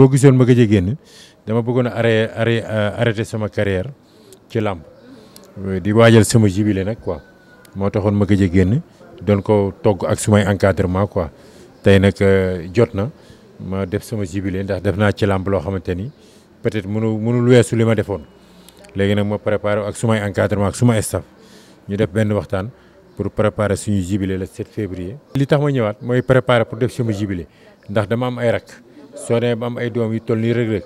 boo gisoon ma gëj a génn dama bëggoon a arrêté arrêté sama carrière ci làmb euh, di waajal sama jubilé nag quoi moo taxoon ma gëj a génn doon ko togg ak sumay encadrement quoi tey nag euh, jot na ma def sama jubilé ndax def naa ci làmb loo xamante ni peut-être mënu mënul weesu li ma defoon léegi nag ma préparé ak sumay encadrement ak suma staff ñu def benn waxtaan pour préparer suñu jubilé le 7 février. li tax ma ñëwaat mooy préparer pour def sama jubilé ndax dama am ay rak soo demee ba am ay doom yu toll nii rëg-rëg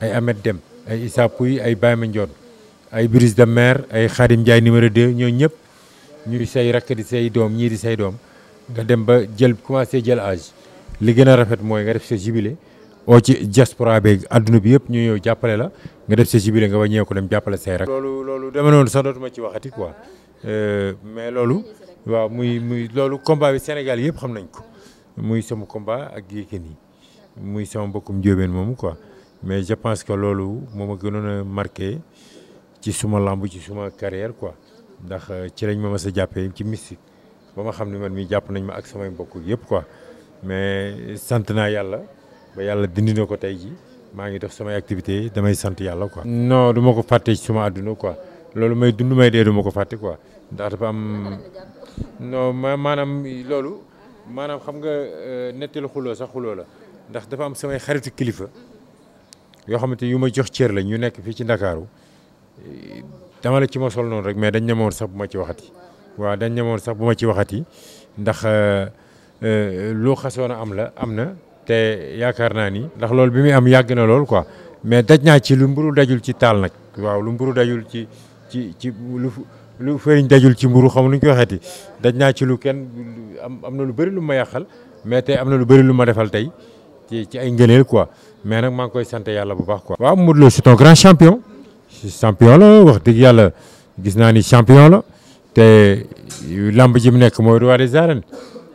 ay Ahmed Dem ay Issa Pouye ay Baye Mandione ay Brise de Mer ay Khadim Ndiaye numéro de ñooñu ñëpp ñuy say rakk di say doom ñii di say doom nga dem ba jël commencé jël âge li gën a rafet mooy nga def sa gibile oo ci diaspora beeg adduna bi yëpp ñu ñëw jàppale la nga def sa gibile nga waññee ko dem jàppale say rakk. loolu loolu dama noonu sax dootuma ci waxati quoi euh, mais loolu waaw muy muy loolu combat bi Sénégal yëpp xam nañ ko muy sama combat ak Yékini muy sama mbokkum njóobeen moomu quoi mais je pense que loolu moo ma gënoon a marqué ci suma làmb ci suma carrière quoi ndax euh, ci lañ ma mës jàppee ci mystique ba ma xam ne man mii jàpp nañ ma ak samay mbokku yëpp quoi mais sant naa yàlla ba yàlla dindi ko tey ji maa ngi def samay activité damay sant yàlla quoi. no du ma ko fàtte ci suma àdduna quoi loolu may dund may dee du ma ko fàtte quoi ndax dafa am ma maanaam loolu maanaam xam nga euh, nettali xuloo sax xuloo la. ndax dafa am samay xaritu kilifa yoo xamante yu ma jox cër la ñu nekk fii ci ndakaaru dama la ci ma sol noonu rek mais dañ ñamoon sax bu ma ci waxati waaw dañ ñamoon sax bu ma ci waxati ndax euh, euh, lu xasoon a am la am na te yaakaar naa ni ndax loolu bi muy am yàgg na lool quoi mais daj naa ci lu mburu dajul ci taal nag waaw lu mburu dajul ci ci ci lu lu fëriñ dajul ci mburu xam nu ñu koy waxeeti daj naa ci lu kenn am am na lu bëri lu ma yàqal mais tey am na lu bëri lu ma defal tey ci ci ay ngëneel quoi mais nag maa ngi koy sant yàlla bu baax quoi. waaw Modou Lo c'est un grand champion. champion la wax dëgg yàlla gis naa ni champion la te lamb ji mu nekk mooy roi des arènes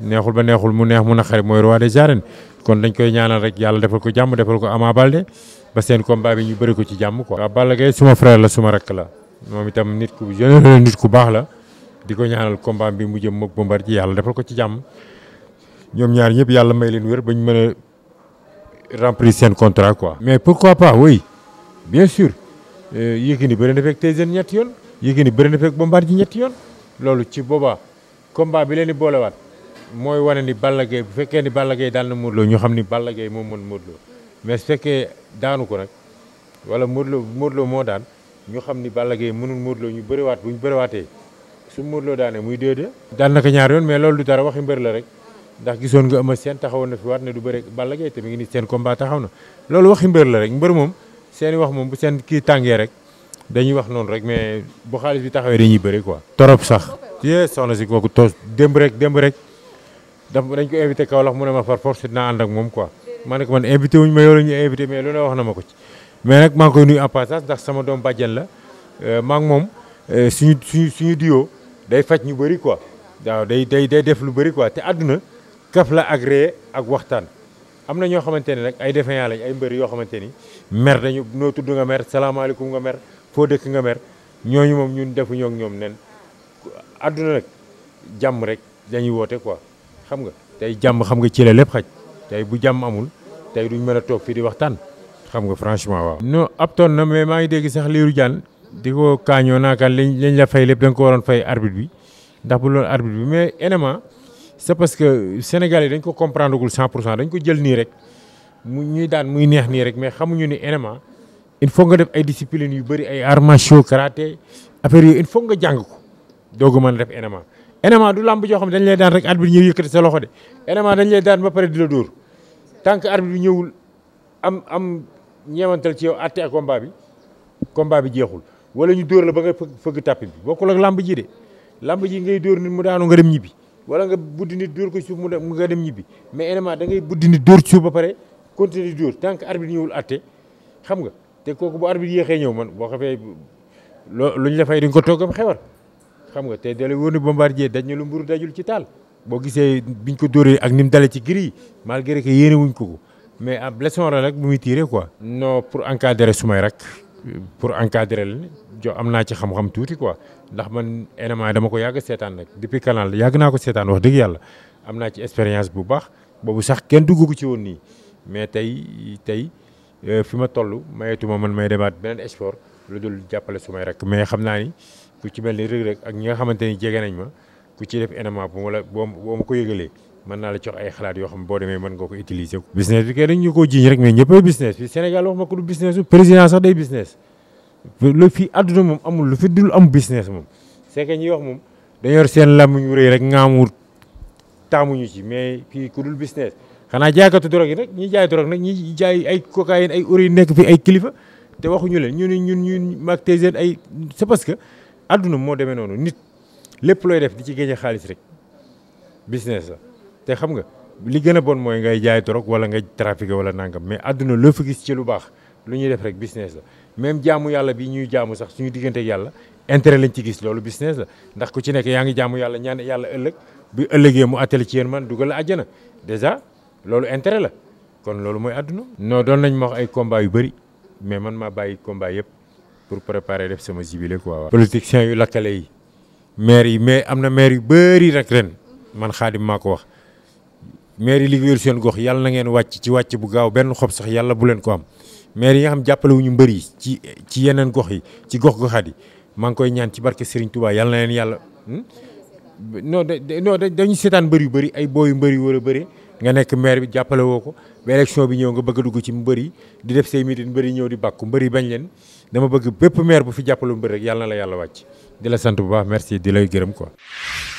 neexul ba neexul mu neex mu naqari mooy roi des arènes kon dañ koy ñaanal rek yàlla defal ko jàmm defal ko Ama Baldé ba seen combat bi ñu bëri ko ci jàmm quoi. waaw Balla Gaye suma frère la suma rakk la moom itam nit ku généreux nit ku baax la di ko ñaanal combat bi mu jëm moog Bombardier yàlla defal ko ci jàmm remplir seen contrat quoi. mais pourquoi pas oui bien sûr euh, Yékini bëri na te Tyson ñetti yoon Yékini bëri na fekk Bombardier ñetti yoon loolu ci boobaa combat bi leen di boolewaat mooy wane ni Balla Gaye bu fekkee ni Balla Gaye daan na Modou ñu xam ni Balla Gaye moom mën Modou Lo mais su fekkee daanu ko nag wala Modou Lo moo daan ñu xam ni Balla Gaye mënul Modou Lo ñu bëriwaat bu ñu bëriwaatee su Modou Lo daanee muy 2-2. daan na ko ñaar yoon mais loolu du dara waxi mbër la rek. ndax gisoon nga Eumeu Sène taxawoon na fi waat ne du bëre Balla Gaye te mi ngi nii seen combat taxaw na loolu waxi mbër la rek mbër moom seen i wax moom bu seen kii tàngee rek dañuy wax noonu rek mais bu xaalis bi taxawee dañuy bëri quoi. torop sax yee si kooku toos démb rek démb rek daf dañ ko invité Kaolack mu ne ma par force moom quoi ma ne ko invité wuñ ma yow la ñuy invité mais lu ne ko ci. mais nag maa ngi koy nuyu en passage la euh, maa moom euh, suñu suñu suñu diwo day faj ñu bëri quoi waaw day day day def lu bëri quoi te àdduna. kaf la agréé ak waxtaan am na ñoo xamante ne nag ay défaillant lañ ay mbër yoo xamante ni mer dañu noo tudd nga mer salaamaaleykum nga mer foo dëkk nga mer ñooñu moom ñun defuñoo ak ñoom nen àdduna nag jàmm rek dañuy woote quoi xam nga tey jàmm xam nga ci la lépp xaj tey bu jàmm amul tey duñ mën a toog fii di waxtaan xam nga franchement waaw. non ab toon na mais maa ngi dégg sax liiru jaan di ko kaañoo naakaan liñ liñ la fay lépp da nga ko waroon fay c'est parce que Sénégal yi dañ ko comprendre gul 100 pour cent dañ ko jël nii rek mu ñuy daan muy neex nii rek mais xamuñu ni MMA il faut nga def ay discipline yu bëri ay arts martiaux karaté affaire yooyu il faut nga jàng ko doogu mën def MMA. MMA du làmb joo xam ne dañ lay daan rek arbitre ñëw yëkkati sa loxo de MMA dañ lay daan ba pare di la dóor tant que arbitre ñëwul am am ñeewantal ci yow àtte ak combat bi combat bi jeexul wala ñu dóor la ba nga fëgg fëgg tàpp bi bokkul ak làmb ji de làmb ji ngay dóor nit mu daanu nga dem ñibbi. wala nga buddi nit dóor ko suuf mu nga dem ñibbi mais élément da ngay buddi nit dóor suuf ba pare continuer di dóor tant que arbitre ñëwul àtte xam nga te kooku bu arbitre yéexee ñëw man boo xamee loo luñ la fay di nga ko toggam xewar xam nga te dalay wóor ne bombardier daj ñu lu mburu dajul ci taal boo gisee biñ ko dóoree ak ni mu dalee ci gris yi malgré que wuñ ko ko mais ah blesson rek bu muy tiré quoi. non pour encadrer sumay rek. pour encadrer leen jo am naa ci xam-xam tuuti quoi ndax man élément dama ko yàgg a seetaan rek depuis canal yàgg naa ko seetaan wax dëgg yàlla am naa ci expérience bu baax boobu sax kenn dugg ci woon nii mais tey tey euh, fi ma toll mayetuma man may demaat beneen export lu dul jàppale sumay rek mais xam naa ni ku ci mel ni rëg rek ak ñi nga xamante ni jege nañ ma ku ci def élément bu ma la boo ma ko yëgalee mën naa la jox ay xalaat yoo xam boo demee mën nga ko utiliser. business bi kay dañ ñu koo jiiñ rek mais ñëppay business bi Sénégal wax ma ko du business sax day business lu fii àdduna moom amul lu fi dul am business moom c'est que moom dañoo yor seen làmmiñ wu rëy rek ngaamur taamuñu ci mais fii ku dul business xanaa jaaykatu drogue yi nag ñi jaay drogue ñi jaay ay cocaïne ay ori nekk fi ay kilifa te waxuñu leen ñu ne ñun ñun mag seen ay parce que àdduna moo demee noonu nit lépp looy def di ci génne xaalis rek business la te xam nga li gën a bon mooy ngay jaay torok wala ngay trafiqué wala nangam mais àdduna loo fa gis ci lu baax lu ñuy def rek business la même jaamu yàlla bi ñuy jaamu sax su diggante ak yàlla intérêt lañ ci gis loolu business la ndax ku ci nekk yaa ngi jaamu yàlla ñaan yàlla ëllëg bi ëllëgee mu attali ci yéen man dugal a àjjana déjà loolu intérêt la kon loolu mooy àdduna. noo doon nañ ma wax ay combat yu bëri mais man maa bàyyi combat yëpp pour préparer def sama jubilé quoi. politiciens yu lakkale yi maire yi mais am na maire yu bëri rek ren man xaadim maa ko wax. maire yi liggéeyul seen gox yàlla na ngeen wàcc ci wàcc bu gaaw benn xob sax yàlla bu leen ko am maire yi nga xam jàppale wu ñu mbër yi ci ci yeneen gox yi ci gox goxaat yi maa ngi koy ñaan ci barke Serigne Touba yàlla na leen yàlla hmm? non non dañu seetaan mbër yu bëri ay booyu mbër yu war a bëri nga nekk maire bi jàppale ko ba élection bi ñëw nga bëgg dugg ci mbër yi di def say mitin mbër ñëw di bàkku mbër yi bañ leen dama bëgg bépp maire bu fi jàppalu mbër rek la yàlla wàcc di la sant bu baax merci di lay gërëm ko